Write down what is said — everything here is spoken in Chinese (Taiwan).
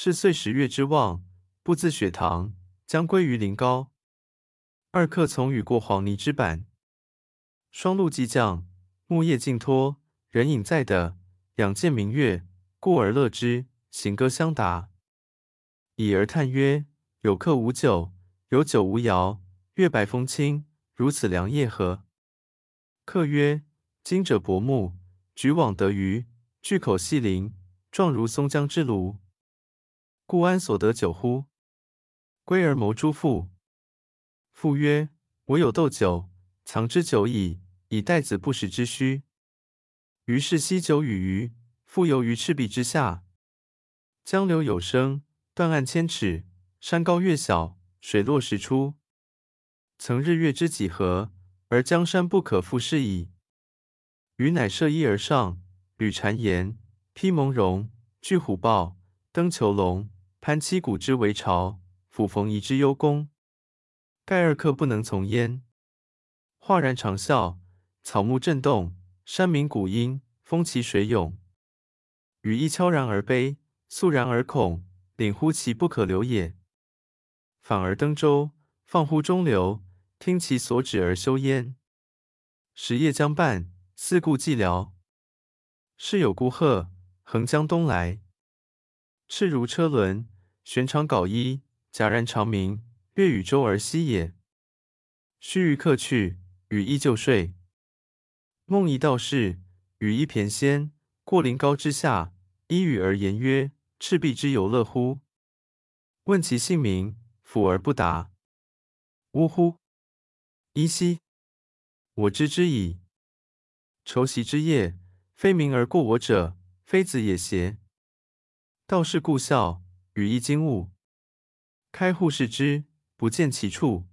是歲十月之望，步自雪堂，將歸於臨皋。二客從予過黃泥之坂，霜露既降，木葉盡脫，人影在地，仰見明月，顧而樂之，行歌相答。已而嘆曰：“有客無酒，有酒無肴，月白風清，如此良夜何？”客曰：“今者薄暮，舉網得魚，巨口細鱗，狀如松江之鱸。”故安所得酒乎？歸而謀諸父。父曰：“我有斗酒，藏之久矣，以待子不時之需。”於是攜酒與魚，復遊於赤壁之下。江流有聲，斷岸千尺，山高月小，水落石出。曾日月之幾何，而江山不可復是矣。漁乃攝衣而上，履巉巖，披蒙茸，聚虎豹，登虯龍。攀棲鶻之危巢，俯馮夷之幽宮。蓋二客不能從焉。劃然長嘯，草木震動，山鳴谷應，風起水湧。予亦悄然而悲，肅然而恐，凜乎其不可留也。反而登舟，放乎中流，聽其所止而休焉。時夜將半，四顧寂寥，適有孤鶴，橫江東來，翅如車輪。玄裳縞衣，戛然長鳴，掠予舟而西也。須臾客去，予亦就睡。夢一道士，羽衣蹁躚，過臨皋之下，揖予而言曰：“赤壁之遊樂乎？”問其姓名，俯而不答。嗚呼！噫嘻！我知之矣。疇昔之夜，飛鳴而過我者，非子也邪？道士顧笑。予亦驚寤，開戶視之，不見其處。